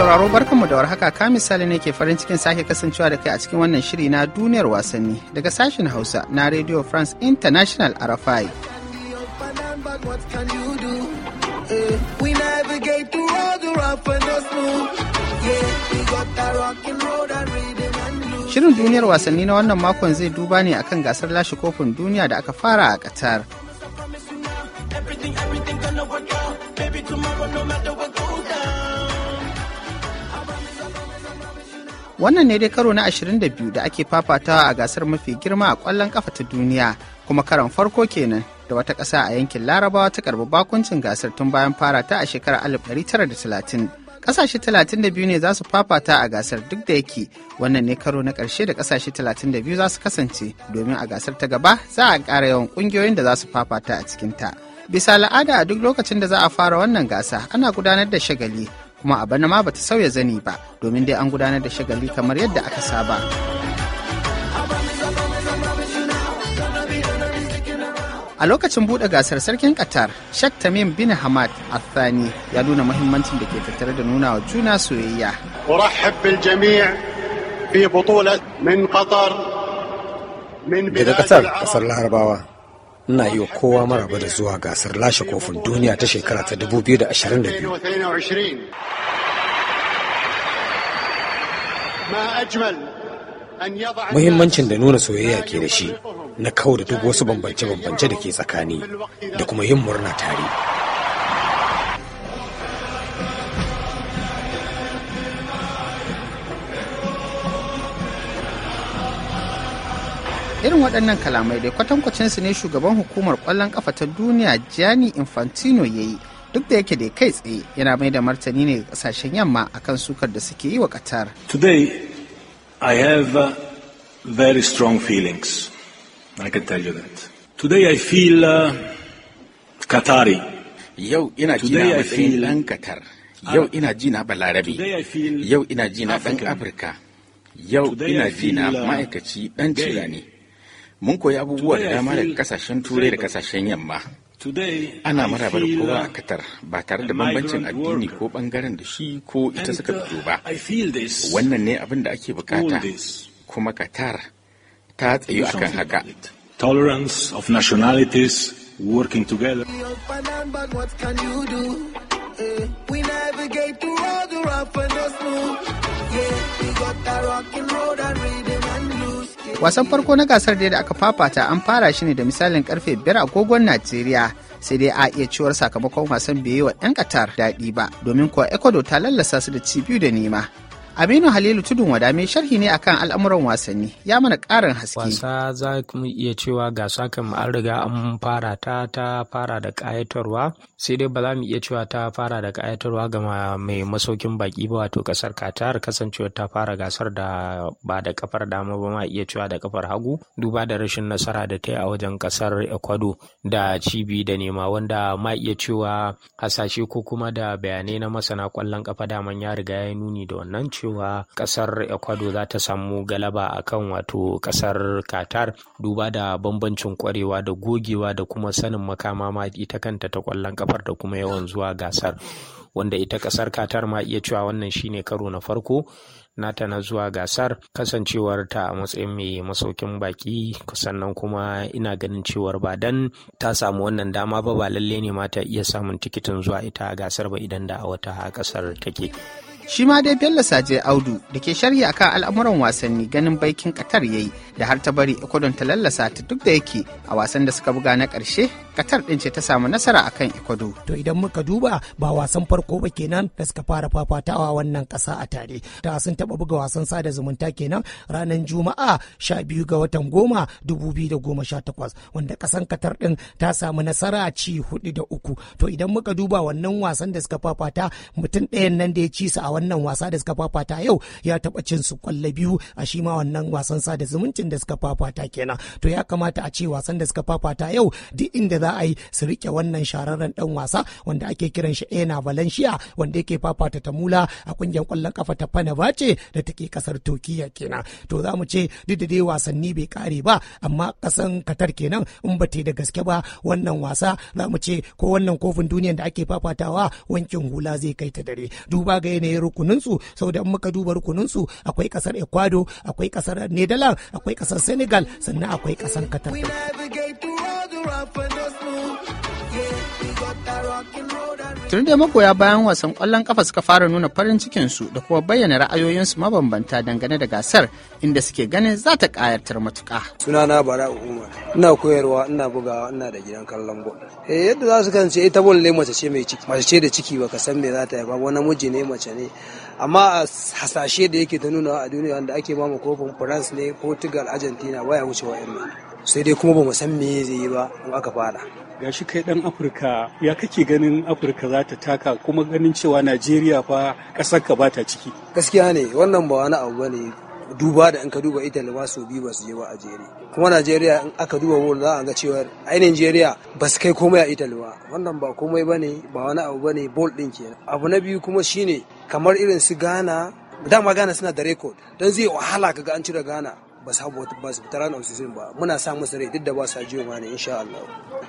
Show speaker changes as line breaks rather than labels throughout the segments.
sauraro barkanmu da warhaka ka misali ne ke farin cikin sake kasancewa da kai a cikin wannan shiri na duniyar wasanni daga sashen hausa na radio france international arafai Shirin duniyar wasanni na wannan makon zai duba ne akan gasar lashe kofin duniya da aka fara a Qatar. wannan ne dai karo na 22 da ake fafatawa a gasar mafi girma a kwallon kafa ta duniya kuma karon farko kenan da wata ƙasa a yankin larabawa ta karbi bakuncin gasar tun bayan fara ta a shekarar 1930 ƙasashe 32 ne za su fafata a gasar duk da yake wannan ne karo na ƙarshe da ƙasashe 32 za su kasance domin a gasar ta gaba za a ƙara yawan ƙungiyoyin da za su fafata a cikinta. bisa al'ada a duk lokacin da za a fara wannan gasa ana gudanar da shagali kuma a bana ma bata sauya zani ba domin dai an gudanar da shagali kamar yadda aka saba. a lokacin bude gasar sarkin qatar shak tamim bin hamad athani ya nuna muhimmancin da ke tattare da nuna wa juna soyayya
daga qatar kasar larabawa ina wa kowa maraba da zuwa gasar lashe kofin duniya ta shekara ta 2022 muhimmancin da nuna soyayya ke da shi na kawo da duk wasu bambance-bambance da ke tsakani da kuma yin murna tare.
irin waɗannan kalamai dai kwatankwacinsu ne shugaban hukumar ƙwallon ƙafa ta duniya gianni infantino ya yi duk da yake da kai tsaye yana mai da martani ne ga ƙasashen yamma akan sukar da suke yi wa qatar
today i have uh, very strong
feelings i can tell you that today i feel uh, qatari yau ina jina matsayin ɗan qatar yau ina jina balarabe yau ina jina ɗan afirka yau ina jina uh, ma'aikaci ɗan Cilani. Mun koyi abubuwa da dama daga kasashen Turai da kasashen yamma. Ana maraba da kowa a katar ba tare da bambancin addini ko bangaren da shi ko ita suka fito uh, ba. Wannan ne abin da ake bukata. Kuma katar ta tsayu akan haka.
Tolerance of nationalities working together. We
got that rock and roll
and wasan farko na gasar da aka fafata an fara shi ne da misalin karfe biyar agogon najeriya sai dai a iya ciwar sakamakon wasan bai yi wa 'yan qatar daɗi ba domin kuwa ecuador ta lallasa su da ci biyu da nema Aminu Halilu Tudun Wada mai sharhi ne akan al'amuran wasanni ya mana ƙarin
haske. Wasa za mu iya cewa gasa kan an riga an fara ta ta fara da ƙayatarwa sai dai ba za mu iya cewa ta fara da ƙayatarwa ga mai masaukin baki ba wato ƙasar Qatar kasancewa ta fara gasar da ba da kafar dama ba ma iya cewa da kafar hagu duba da rashin nasara da ta yi a wajen ƙasar Ecuador da cibi da nema wanda ma iya cewa hasashe ko kuma da bayanai na masana ƙwallon kafa daman ya riga ya nuni da wannan cewa cewa kasar ecuador za ta samu galaba akan wato kasar qatar duba da bambancin kwarewa da gogewa da kuma sanin makama ma ita kanta ta kwallon kafar da kuma yawan zuwa gasar wanda ita kasar qatar ma iya cewa wannan shine karo na farko nata na zuwa gasar kasancewar ta a matsayin mai masaukin baki sannan kuma ina ganin cewar ba dan ta samu wannan dama ba ba lalle
ne mata iya samun tikitin zuwa ita gasar ba idan da a wata kasar take. shi ma dai bello saje audu da ke sharhi akan al'amuran wasanni ganin baikin qatar yayi da har ta bari ecuador ta lallasa ta duk da yake a wasan da suka buga na karshe qatar din ce ta samu nasara akan ecuador
to idan muka duba ba wasan farko ba kenan da suka fara fafatawa wannan kasa a tare ta sun taba buga wasan sada zumunta kenan ranar juma'a 12 ga watan goma 2018 wanda kasan qatar din ta samu nasara ci 4 da uku to idan muka duba wannan wasan da suka fafata mutum ɗayan nan da ya ci su a wannan wasa da suka fafata yau ya taɓa cin su kwallo biyu a shi ma wannan wasan sada zumuncin da suka fafata kenan to ya kamata a ce wasan da suka fafata yau duk inda za a yi su rike wannan shararren dan wasa wanda ake kiran shi ena valencia wanda yake fafata ta mula a kungiyar kwallon kafa ta fenerbahce da take kasar turkiya kenan to za mu ce duk da dai wasanni bai kare ba amma kasan katar kenan in ba ta da gaske ba wannan wasa za mu ce ko wannan kofin duniyar da ake fafatawa wankin hula zai kai ta dare duba ga yanayin rukuninsu saboda in muka duba rukuninsu akwai kasar ecuador akwai kasar netherlands akwai kasar senegal sannan akwai kasar qatar
tun dai magoya bayan wasan kwallon kafa suka fara nuna farin cikinsu da kuma bayyana ra'ayoyinsu mabambanta dangane da gasar inda suke ganin za ta kayatar matuka.
sunana bara umar ina koyarwa ina bugawa ina da gidan kallon bol eh yadda za su kance ita bol ne mace ce mai ciki mace ce da ciki baka san me za ta yi ba wani miji ne mace ne amma hasashe da yake ta nuna a duniya wanda ake mamu kofin france ne portugal argentina baya wucewa irin sai dai kuma ba mu san me zai yi ba in aka fara gashi kai dan afirka ya kake ganin afirka za ta taka kuma ganin cewa najeriya fa kasar ka bata ciki gaskiya ne wannan ba wani abu bane duba da in ka duba italy ba su biyu ba su je ba a jere kuma najeriya in aka duba wol za a ga cewa ai najeriya ba su kai komai a italy ba wannan ba komai bane ba wani abu bane bol din kenan abu na biyu kuma shine kamar irin su ghana dama gana suna da record don zai wahala ga an cire gana. ba su ba su fitara na ba muna sa musu rai duk da ba sa jiyo mana insha Allah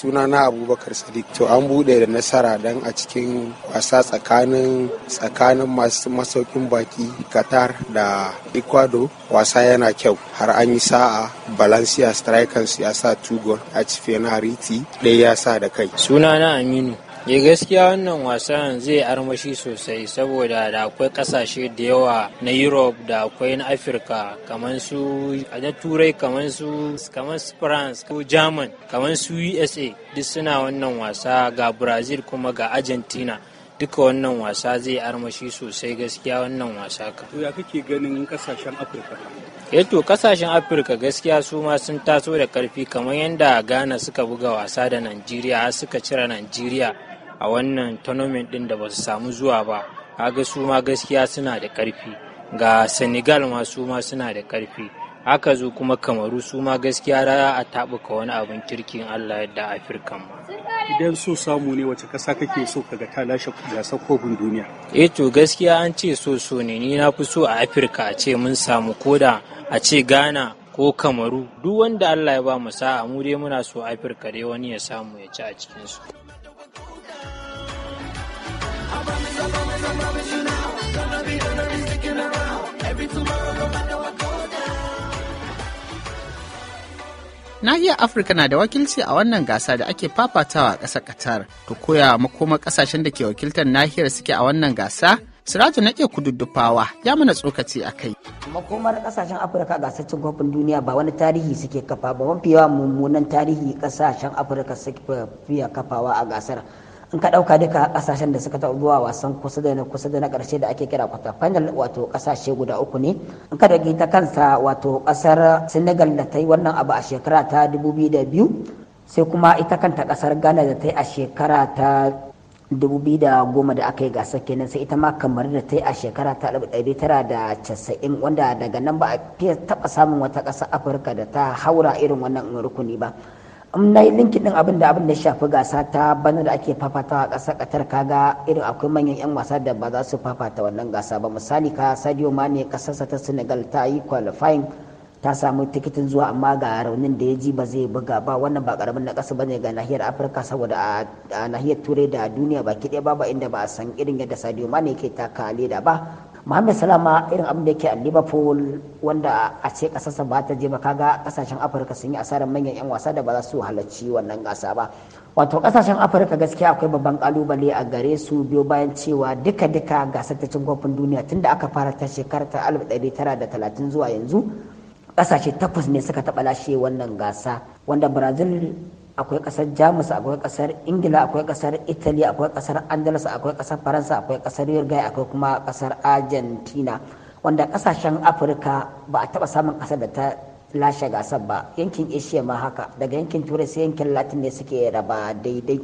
sunana Abubakar Sadiq to an bude da nasara dan a cikin wasa tsakanin tsakanin masu masaukin baki Qatar da Ecuador wasa yana kyau har an yi sa'a Valencia strikers ya sa two goal a cifenariti ɗaya ya sa da kai sunana
Aminu ne eh, gaskiya wannan wasan zai armashi sosai saboda da akwai kasashe da yawa na europe da akwai na afirka kamar su na turai kamar su kamar france ko german kamar su usa duk suna wannan wasa ga brazil kuma ga argentina duka wannan wasa zai armashi sosai gaskiya wannan wasa ka.
ya kake ganin kasashen afirka
yato eh kasashen afirka gaskiya su ma sun taso da karfi kamar yadda ghana suka buga wasa da nigeria suka cire nigeria a wannan tournament din da ba su samu zuwa ba kaga su ma gaskiya suna da karfi ga senegal ma su ma suna da karfi aka zo kuma kamaru su ma gaskiya ra a taɓuka wani abin kirkin allah yadda afirka ma idan so samu ne wace ƙasa kake so kaga ta lashe gasar kofin duniya eh to gaskiya an ce so so ne ni na fi so a afirka a ce mun samu koda a ce ghana ko kamaru duk wanda allah ya ba mu sa'a mu dai muna so afirka dai wani ya samu ya ci a cikinsu
Nahiyar Afirka na da wakilci a wannan gasa da ake fafatawa a ƙasar Qatar. To koya makoma ƙasashen da ke wakiltar nahiyar suke a wannan gasa? Siraju na ke kududdufawa ya mana tsokaci a kai.
Makomar ƙasashen Afirka gasar cin kofin duniya ba wani tarihi suke kafa ba mafi yawa mummunan tarihi ƙasashen Afirka suke fiya kafawa a gasar. in ka ɗauka duka ƙasashen da suka taɓa zuwa wasan kusa da na kusa da na ƙarshe da ake kira kwata final wato ƙasashe guda uku ne in ka dage ta kansa wato ƙasar senegal da ta yi wannan abu a shekara ta 2002 sai kuma ita kanta ƙasar ghana da ta yi a shekara ta 2010 da aka yi gasar kenan sai ita ma kamar da ta yi a shekara ta 1990 wanda daga nan ba a fiye taɓa samun wata ƙasar afirka da ta haura irin wannan rukuni ba in na yi linkin din abin da abin da shafi gasa ta bana da ake fafata a ƙasar ƙatar kaga irin akwai manyan 'yan wasa da ba za su fafata wannan gasa ba misali ka sadio ne ƙasarsa ta senegal ta yi qualifying ta samu tikitin zuwa amma ga raunin da ya ji ba zai buga ba wannan ba karamin na ƙasa bane ga nahiyar afirka saboda a nahiyar turai da duniya baki ɗaya ba ba inda ba a san irin yadda sadio mane ke taka leda ba Muhammad Salama irin abin da yake a Liverpool wanda a ce kasarsa ba ta je ba kaga kasashen Afirka sun yi asarar manyan 'yan wasa da ba za su halarci wannan gasa ba. Wato kasashen Afirka gaskiya akwai babban kalubale a gare su biyo bayan cewa duka-duka gasar ta cin kofin duniya tun da aka fara ta shekarar ta 1930 zuwa yanzu kasashe takwas ne suka taɓa lashe wannan gasa wanda Brazil akwai kasar jamus akwai kasar ingila akwai kasar italy akwai kasar andalus akwai kasar faransa akwai kasar uruguay akwai kuma kasar argentina wanda kasashen afirka ba a taba samun kasar da ta lashe gasar ba yankin asia ma haka daga yankin turai sai yankin latin ne suke raba daidai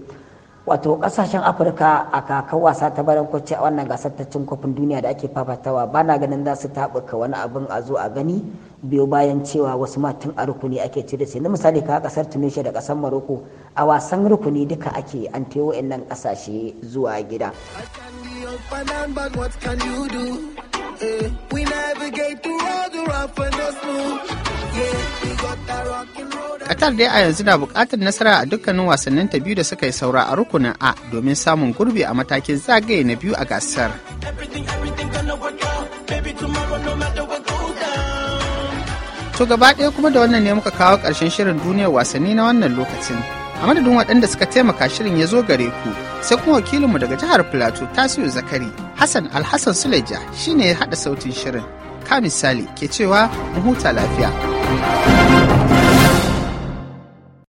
wato kasashen afirka a kakar wasa ta baran kwacce a wannan gasar ta cin kofin duniya da ake fafatawa ba na ganin za su taɓuka wani abin a zo a gani biyo bayan cewa wasu matan a rukuni ake cire sai na misali ka kasar tunisia da kasar maroko a wasan rukuni duka ake an tewo nan kasashe zuwa gida
Qatar dai a yanzu na bukatar nasara a dukkanin wasannin ta biyu da suka yi saura a rukunin A domin samun gurbi a matakin zagaye na biyu a gasar. To gaba ɗaya kuma da wannan ne muka kawo ƙarshen shirin duniya wasanni na wannan lokacin. A madadin waɗanda suka taimaka shirin ya zo gare ku, sai kuma wakilinmu daga jihar Filato Tasiu Zakari, Hassan Alhassan Suleja ne ya haɗa sautin shirin. Ka misali ke cewa mu huta lafiya. Thank you.